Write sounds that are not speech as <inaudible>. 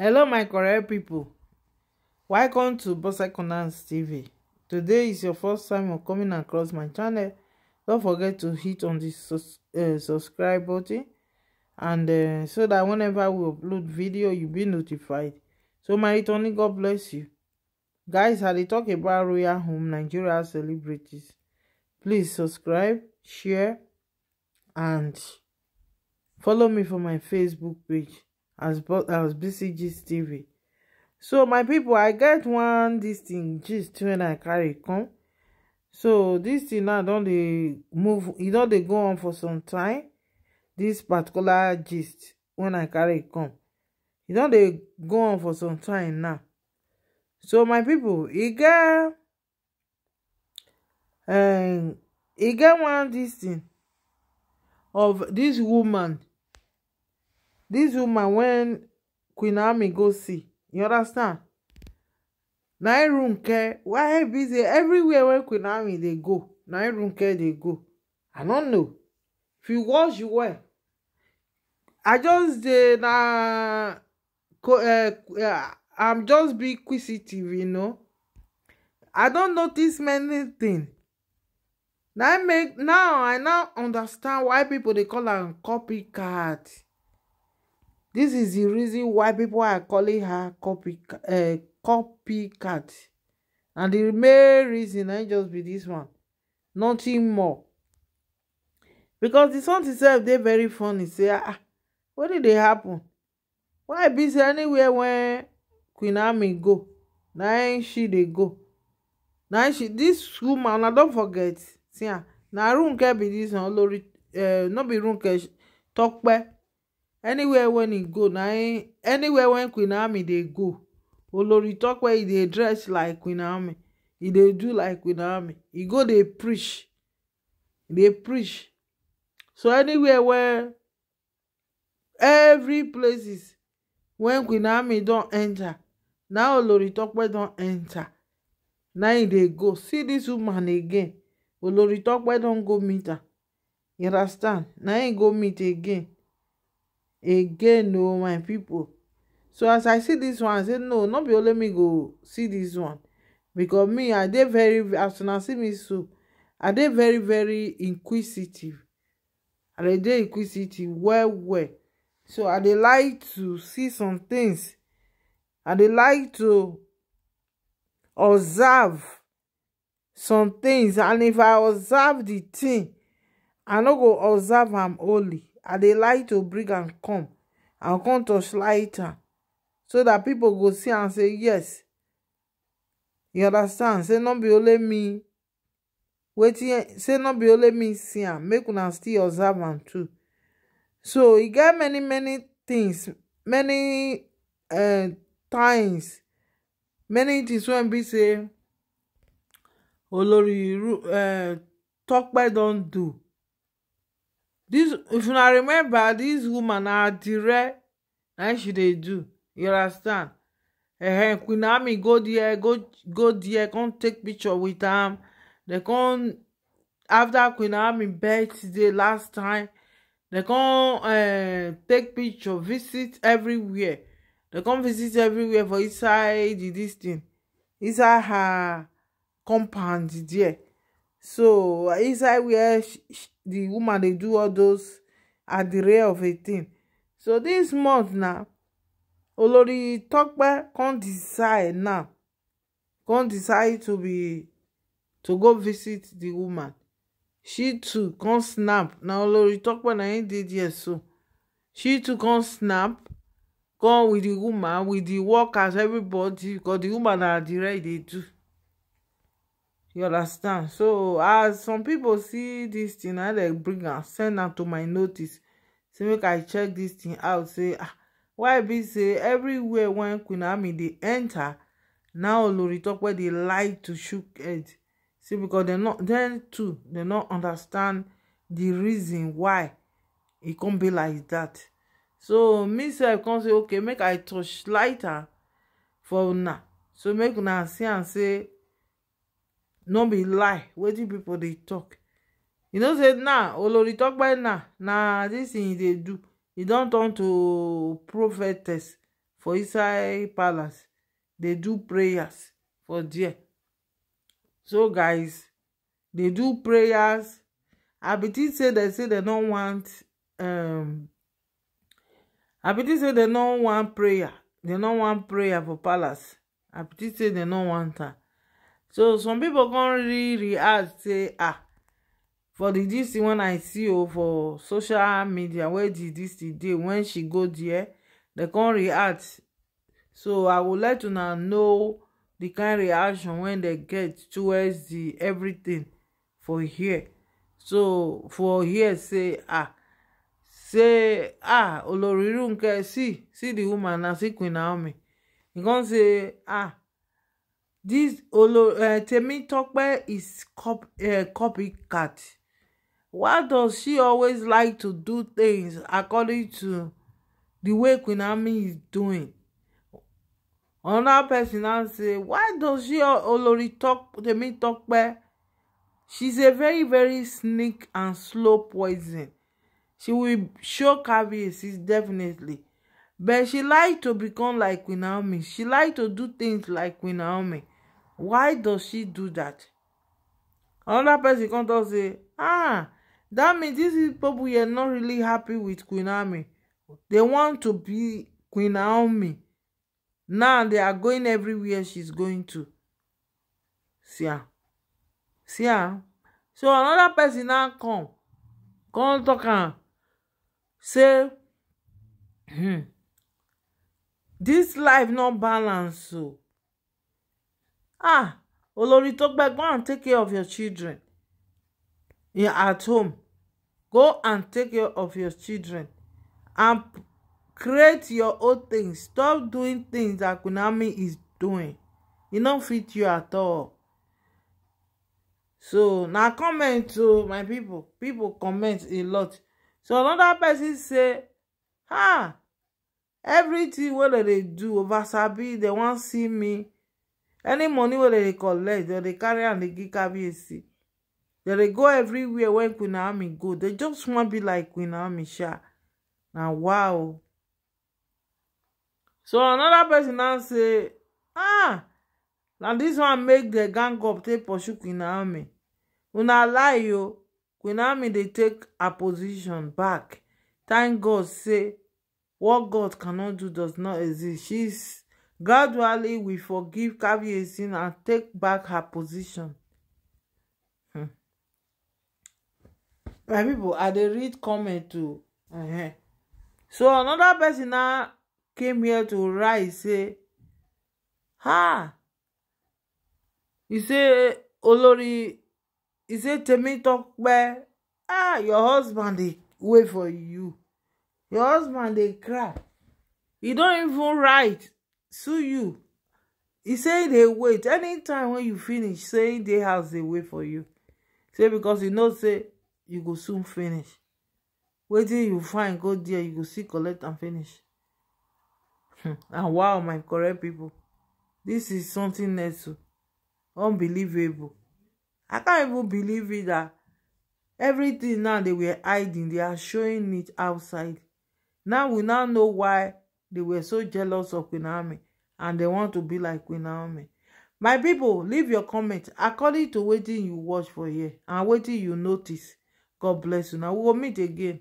hello my correct people. welcome to bose corners tv today is your first time of coming across my channel Don't forget to hit on di eh, subscribe button and eh, so that whenever we upload video you be notified so my returning god bless you guys i dey tok about royal home nigeria celebrities please subscribe share and follow me for my facebook page as as BCG TV. So my people, I get one this thing just when I carry come. So this thing now don't dey move, e don dey go on for some time. This particular gist when I carry come, e don dey go on for some time now. So my people, e get um, e get one this thing of this woman This woman when queen army go see you understand na care. why busy everywhere when queen army dey go na care dey go i no know if you watch you well i just dey na uh, i'm just be inquisitive you know i don notice many things now make now i now understand why people dey call am copycat This is the reason why people are calling her copy, uh, copycat. And the main reason ain't just be this one. Nothing more. Because the song itself, they very funny. Say, ah, ah, what did they happen? Why be anywhere when Queen Naomi go? Na she they go. Now she this woman, I don't forget. See, ah, na Ronke be this one, Olori, uh, eh, not be talk Tope. anywhere wen he go na anywhere wen queen naomi dey go olori e dey dress like queen naomi e dey do like queen naomi e go dey preach dey preach so anywhere where every places wen queen naomi don enter na olori don enter na e dey go see dis woman again olori don go meet her you understand na e go meet again again o oh, my people. so as i see this one i say no no be only me go see this one because me i dey very as una see me so i dey very very inquisitive i dey dey inquisitive well well so i dey like to see some things i dey like to observe some things and if i observe the thing i no go observe am only i dey like to bring am come and come torchlight am so that people go see am say yes you understand say no be only me wetin say no be only me see am make una still observe am too so he get many many things many eh, times many things wey be say olori eh, tope don't do This, if una remember dis woman are direct. na she they do you understand ehem queen naomi go there go go there come take picture with them. They come after queen naomi birthday last time they come uh, take picture visit everywhere They come visit everywhere for inside this thing inside her compound there so inside where she, she the woman they do all those at the rear of a thing so this month na olori tope can't decide now can't decide to be to go visit the woman she too can't snap na olori tope na ain't did there so she too can't snap Go with the woman with the workers everybody because the woman na the right dey do you understand so as some people see this thing, i like bring am send am to my notice say make i check dis tin out say ah, why be say everywhere When queen army dey enter, now olori tope dey like to shook head see becos dem too dem no understand the reason why e come be like that. so me sef come say okay make i touch lighter for una so make una see am say no be lie wetin people dey talk? you know say now olori tokpe now na dis thing e dey do e don turn to prophetess for inside palace dey do prayers for there so guys dey do prayers i be think say dem say dem no want um i be think say dem no want prayer dem no want prayer for palace i be think say dem no want am so some people con really react say ah for the dis thing i see oh for social media where di this thing when she go there they con react so i would like to now know the kind reaction when they get towards the everything for here so for here say ah say ah olorirunke see see the woman na see queen naomi e con say ah this olo uh, eh, Temitope is copy uh, eh, copycat why does she always like to do things according to the way Queen Naomi is doing another person now say why does she uh, Olori talk Temi Temitope she's a very very sneak and slow poison she will show caviar definitely but she like to become like queen naomi she like to do things like queen naomi why does she do that another person come talk say ah that means these people here not really happy with queen naomi they want to be queen naomi now they are going everywhere she's going to see am see am so another person now come come talk am say. hmm." <clears throat> This life no balance o ah olori togbe go and take care of your children you're at home go and take care of your children and create your own things stop doing things that kunami is doing It e no fit you at all so now comment to my people. People comment a lot so another person say ah everything wey dem dey do over sabi dem wan see me any money wey dem dey collect dem dey carry am dey give kabiyesi dem dey go everywhere when queen naomi go dem just wan be like queen naomi sha na wow so another person now say ah na this one make the gang up take pursue queen naomi una lie o oh. queen naomi dey take her position back thank god say what God cannot do does not exist. She's gradually will forgive Kabiyesi sin and take back her position. Hmm. My people, I they read comment too. Uh-huh. So another person now came here to write say, "Ha!" He say, "Olori," he say, where ah, your husband dey wait for you." your husband they cry e don't even write sue you he say they dey wait anytime when you finish Saying they dey house dey wait for you say because you know say you go soon finish wetin you find go there you go see, collect and finish hmm. and wow my correct people, this is something else unbelievable i can't even believe it that everything now they were hiding they are showing it outside Now we now know why they were so jealous of Queen Naomi and they want to be like Queen Naomi. My people, leave your comment according to waiting you watch for here and waiting you notice. God bless you. Now we will meet again.